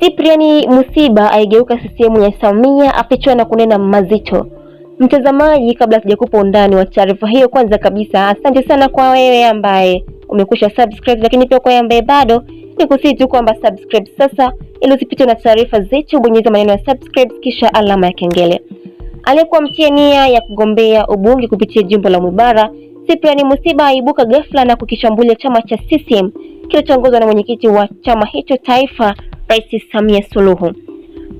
sipriani Musiba aigeuka sisemu ya Samia afichwa na kunena mazito. Mtazamaji, kabla sijakupa undani wa taarifa hiyo, kwanza kabisa asante sana kwa wewe ambaye umekusha subscribe, lakini pia kwa wewe ambaye bado ni kusii tu kwamba subscribe sasa, ili usipitwe na taarifa zetu. Bonyeza maneno ya subscribe kisha alama ya kengele aliyekuwa mtia nia ya kugombea ubunge kupitia jimbo la Mwibara Cyprian Musiba aibuka ghafla na kukishambulia chama cha CCM kilichoongozwa na mwenyekiti wa chama hicho taifa, Rais Samia Suluhu.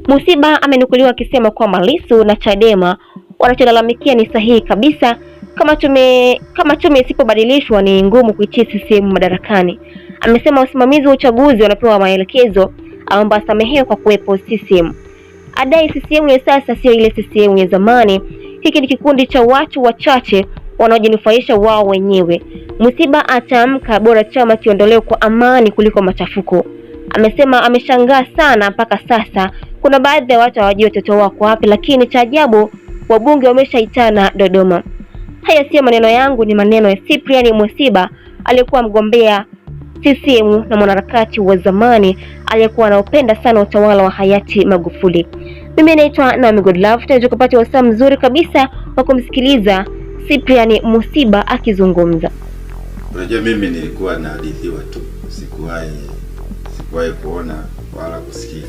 Musiba amenukuliwa akisema kwamba Lissu na Chadema wanacholalamikia ni sahihi kabisa, kama tume kama tume isipobadilishwa ni ngumu kuitia CCM madarakani. Amesema wasimamizi wa uchaguzi wanapewa maelekezo, aomba samehewe kwa kuwepo CCM adai CCM ya sasa sio ile CCM ya zamani. Hiki ni kikundi cha watu wachache wanaojinufaisha wao wenyewe. Msiba ataamka, bora chama kiondolewe kwa amani kuliko machafuko. Amesema ameshangaa sana mpaka sasa kuna baadhi ya watu hawajui watoto wako wapi, lakini cha ajabu wabunge wameshaitana Dodoma. Haya siyo maneno yangu, ni maneno ya Cyprian Mwesiba aliyekuwa mgombea CCM na mwanaharakati wa zamani aliyekuwa anaopenda sana utawala wa hayati Magufuli. Mimi naitwa Naomi Godlove, tunaweza kupata wasaa mzuri kabisa wa kumsikiliza Cyprian Musiba akizungumza. Unajua, mimi nilikuwa nahadithiwa tu, sikuwahi sikuwahi kuona wala kusikia.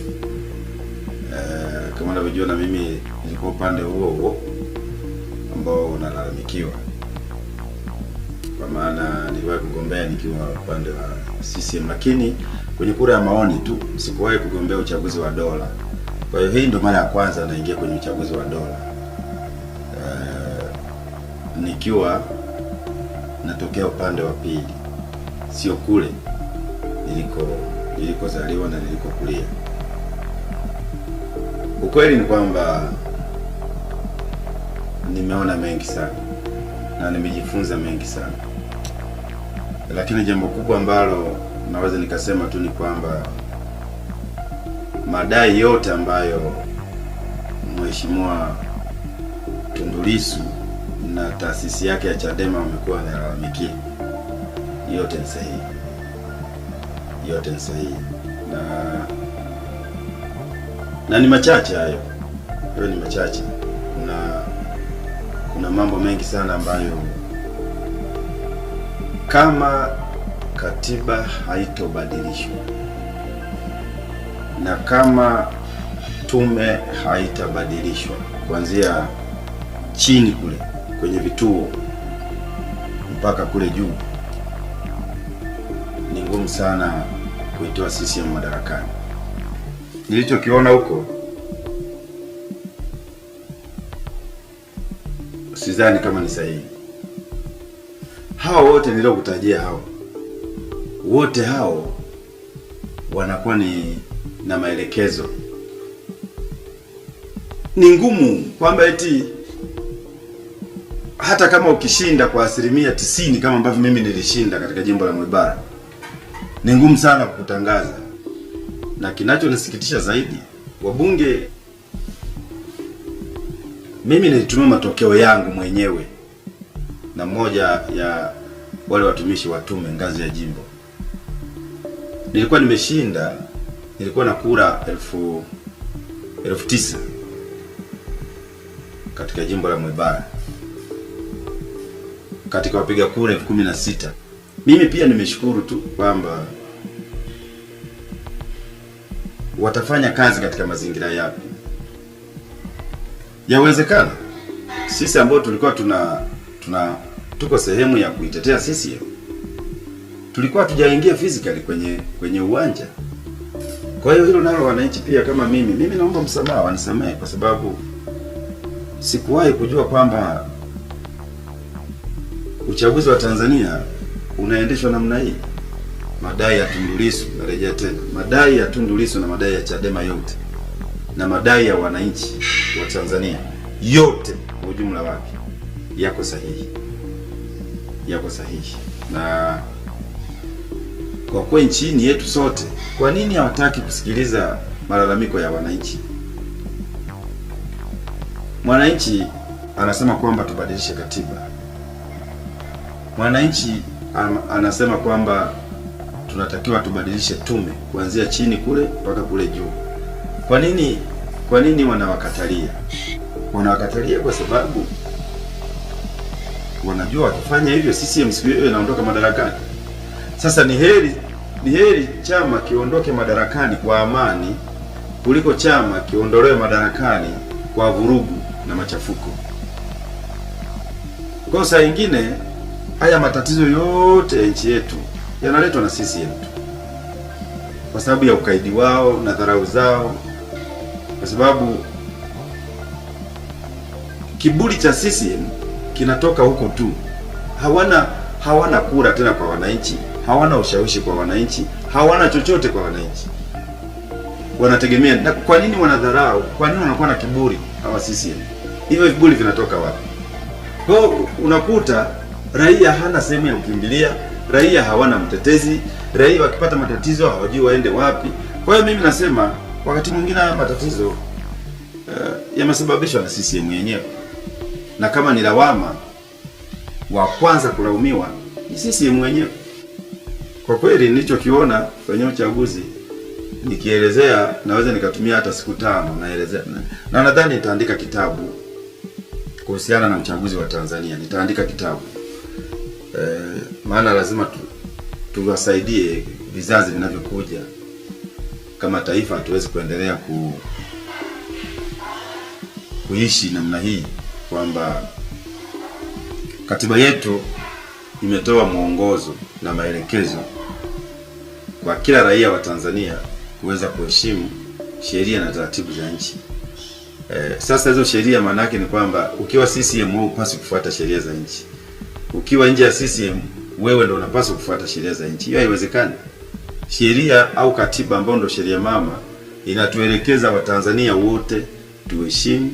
Uh, kama unavyojua na mimi nilikuwa upande huo huo ambao unalalamikiwa kwa maana niliwahi kugombea nikiwa upande wa CCM, lakini kwenye kura ya maoni tu, sikuwahi kugombea uchaguzi wa dola. Kwa hiyo hii ndio mara ya kwanza naingia kwenye uchaguzi wa dola uh, nikiwa natokea upande wa pili, sio kule niliko nilikozaliwa na nilikokulia. Ukweli ni kwamba nimeona mengi sana na nimejifunza mengi sana. Lakini jambo kubwa ambalo naweza nikasema tu ni kwamba madai yote ambayo Mheshimiwa Tundu Lissu na taasisi yake ya Chadema wamekuwa wanalalamikia, yote ni sahihi, yote ni sahihi na na ni machache hayo, hayo ni machache, na kuna mambo mengi sana ambayo kama katiba haitobadilishwa na kama tume haitabadilishwa kuanzia chini kule kwenye vituo mpaka kule juu, ni ngumu sana kuitoa CCM madarakani. Nilichokiona huko sidhani kama ni sahihi wote niliokutajia hao wote hao wanakuwa ni na maelekezo. Ni ngumu kwamba eti hata kama ukishinda kwa asilimia tisini kama ambavyo mimi nilishinda katika jimbo la Mwibara, ni ngumu sana kukutangaza, na kinachonisikitisha zaidi wabunge, mimi nilitumia matokeo yangu mwenyewe na moja ya wale watumishi watume ngazi ya jimbo. Nilikuwa nimeshinda, nilikuwa na kura elfu elfu tisa katika jimbo la Mwebara katika wapiga kura elfu kumi na sita. Mimi pia nimeshukuru tu kwamba watafanya kazi katika mazingira yapi. Yawezekana sisi ambao tulikuwa tuna tuna tuko sehemu ya kuitetea CCM. Tulikuwa hatujaingia physically kwenye kwenye uwanja. Kwa hiyo hilo nalo wananchi pia kama mimi, mimi naomba msamaha, wanisamehe kwa sababu sikuwahi kujua kwamba uchaguzi wa Tanzania unaendeshwa namna hii. Madai ya Tundu Lissu, narejea tena, madai ya Tundu Lissu na madai ya Chadema yote na madai ya wananchi wa Tanzania yote kwa ujumla wake yako sahihi yako sahihi, na kwa kweli nchini yetu sote, kwa nini hawataki kusikiliza malalamiko ya wananchi? Mwananchi anasema kwamba tubadilishe katiba, mwananchi anasema kwamba tunatakiwa tubadilishe tume kuanzia chini kule mpaka kule juu. Kwa nini, kwa nini wanawakatalia? Wanawakatalia kwa sababu wanajua wakifanya hivyo CCM siku hiyo inaondoka madarakani. Sasa ni heri, ni heri chama kiondoke madarakani kwa amani kuliko chama kiondolewe madarakani kwa vurugu na machafuko. Kwa saa nyingine haya matatizo yote ya nchi yetu yanaletwa na CCM tu, kwa sababu ya ukaidi wao na dharau zao, kwa sababu kiburi cha CCM kinatoka huko tu. Hawana hawana kura tena kwa wananchi, hawana ushawishi kwa wananchi, hawana chochote kwa wananchi. Wanategemea na kwa nini wanadharau? Kwa nini wanakuwa na kiburi hawa CCM? Hivyo viburi vinatoka wapi? Kwa unakuta raia hana sehemu ya kukimbilia, raia hawana mtetezi, raia wakipata matatizo hawajui waende wapi. Kwa hiyo mimi nasema wakati mwingine haya matatizo uh, yamesababishwa na CCM yenyewe na kama ni lawama, wa kwanza kulaumiwa ni sisi mwenyewe. Kwa kweli nilichokiona kwenye uchaguzi nikielezea, naweza nikatumia hata siku tano naelezea, na nadhani nitaandika kitabu kuhusiana na uchaguzi wa Tanzania. Nitaandika kitabu e, maana lazima tu, tuwasaidie vizazi vinavyokuja. Kama taifa hatuwezi kuendelea ku, kuishi namna hii kwamba katiba yetu imetoa mwongozo na maelekezo kwa kila raia wa Tanzania kuweza kuheshimu sheria na taratibu za nchi. E, sasa hizo sheria maana yake ni kwamba ukiwa CCM wewe unapaswa kufuata sheria za nchi. Ukiwa nje ya CCM wewe ndio unapaswa kufuata sheria za nchi. Hiyo haiwezekani. Sheria au katiba ambayo ndio sheria mama inatuelekeza Watanzania wote tuheshimu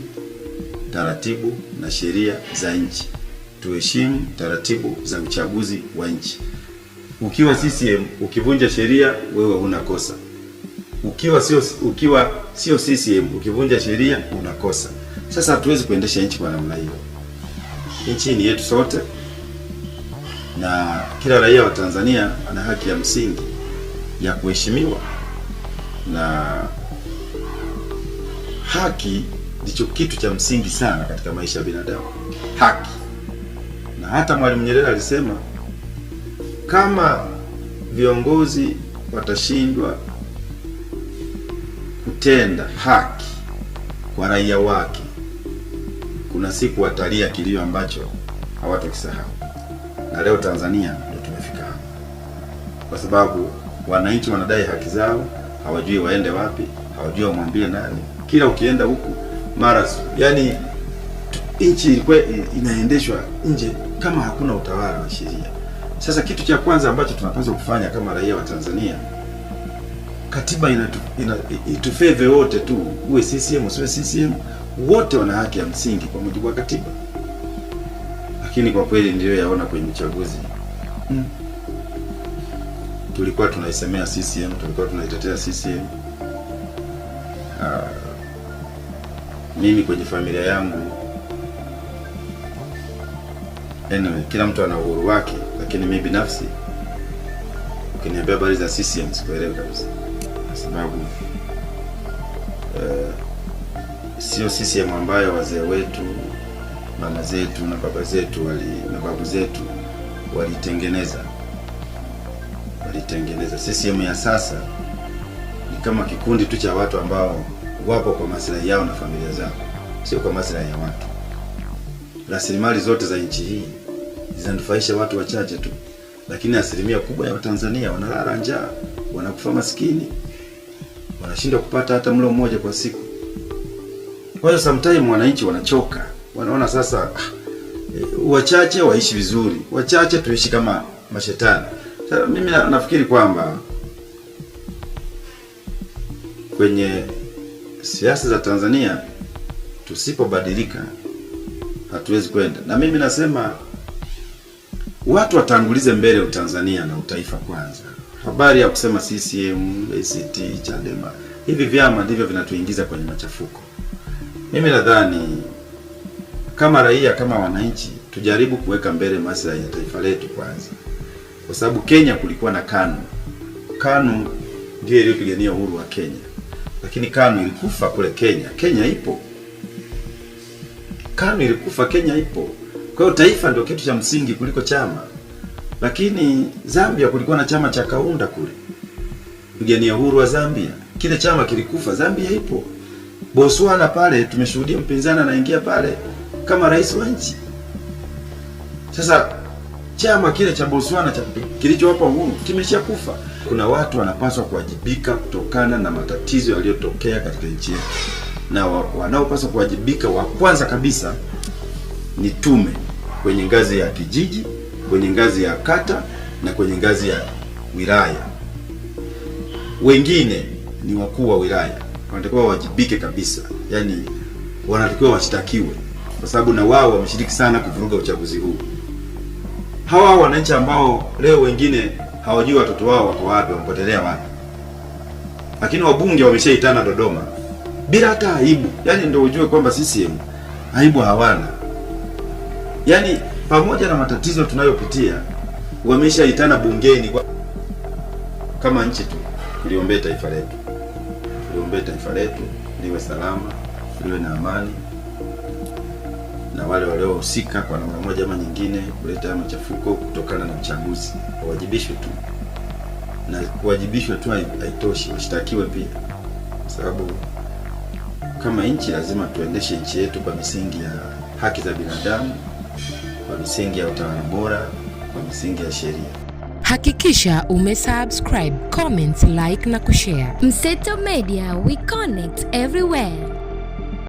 taratibu na sheria za nchi, tuheshimu taratibu za uchaguzi wa nchi. Ukiwa CCM ukivunja sheria, wewe unakosa. kosa. Ukiwa sio ukiwa sio CCM ukivunja sheria, unakosa Sasa hatuwezi kuendesha nchi kwa namna hiyo. Nchi ni yetu sote, na kila raia wa Tanzania ana haki ya msingi ya kuheshimiwa na haki ndicho kitu cha msingi sana katika maisha ya binadamu, haki. Na hata Mwalimu Nyerere alisema kama viongozi watashindwa kutenda haki kwa raia wake, kuna siku watalia kilio ambacho hawatakisahau. Na leo Tanzania ndio tumefika hapa, kwa sababu wananchi wanadai haki zao, hawajui waende wapi, hawajui wamwambie nani. Kila ukienda huku maradhi. yani nchi ilikuwa inaendeshwa nje kama hakuna utawala wa sheria. Sasa kitu cha kwanza ambacho tunapaswa kufanya kama raia wa Tanzania, katiba inatu, ina, itufeve wote tu, uwe CCM usiwe CCM, wote wana haki ya msingi kwa mujibu wa katiba, lakini kwa kweli ndiyo yaona kwenye uchaguzi hmm. Tulikuwa tunaisemea CCM, tulikuwa tunaitetea CCM uh, ah mimi kwenye familia yangu, anyway, kila mtu ana uhuru wake, lakini mimi binafsi ukiniambia habari za CCM sikuelewi kabisa, kwa sababu uh, sio CCM ambayo wazee wetu, mama zetu na baba zetu wali, na babu zetu walitengeneza walitengeneza. CCM ya sasa ni kama kikundi tu cha watu ambao wapo kwa maslahi yao na familia zao, sio kwa maslahi ya watu. Rasilimali zote za nchi hii zinanufaisha watu wachache tu, lakini asilimia kubwa ya Watanzania wanalala njaa, wanakufa maskini, wanashindwa kupata hata mlo mmoja kwa siku. Kwa hiyo sometime wananchi wanachoka, wanaona sasa ah, eh, wachache waishi vizuri, wachache tuishi kama mashetani. Sasa mimi nafikiri kwamba kwenye siasa za Tanzania tusipobadilika hatuwezi kwenda. Na mimi nasema watu watangulize mbele utanzania na utaifa kwanza. Habari ya kusema CCM, ACT, Chadema, hivi vyama ndivyo vinatuingiza kwenye machafuko. Mimi nadhani kama raia, kama wananchi, tujaribu kuweka mbele maslahi ya taifa letu kwanza, kwa sababu Kenya kulikuwa na KANU. KANU ndiyo iliyopigania uhuru wa Kenya lakini KANU ilikufa kule Kenya, Kenya ipo. KANU ilikufa, Kenya ipo. Kwa hiyo taifa ndio kitu cha msingi kuliko chama. Lakini Zambia kulikuwa na chama cha Kaunda kule, mpigania uhuru wa Zambia, kile chama kilikufa, Zambia ipo. Botswana pale tumeshuhudia mpinzani anaingia pale kama rais wa nchi sasa Chama kile cha Botswana cha kilichowapa uhuru kimeshakufa. Kuna watu wanapaswa kuwajibika kutokana na matatizo yaliyotokea katika nchi yetu, na wanaopaswa kuwajibika wa kwanza kabisa ni tume kwenye ngazi ya kijiji, kwenye ngazi ya kata na kwenye ngazi ya wilaya. Wengine ni wakuu wa wilaya, wanatakiwa wawajibike kabisa, yaani wanatakiwa washtakiwe, kwa sababu na wao wameshiriki sana kuvuruga uchaguzi huu hawa wananchi ambao leo wengine hawajui watoto wao wako wapi, wamepotelea wapi, lakini wabunge wameshaitana Dodoma bila hata aibu. Yani ndio ujue kwamba CCM aibu hawana. Yani pamoja na matatizo tunayopitia wameshaitana bungeni kwa... kama nchi tu tuliombee taifa letu, tuliombee taifa letu liwe salama, liwe na amani na wale waliohusika kwa namna moja ama nyingine kuleta machafuko kutokana na uchaguzi, wawajibishwe tu, na kuwajibishwa tu haitoshi, washtakiwe pia, kwa sababu kama nchi lazima tuendeshe nchi yetu kwa misingi ya haki za binadamu, kwa misingi ya utawala bora, kwa misingi ya sheria. Hakikisha umesubscribe, comment, like na kushare. Mseto Media, we connect everywhere.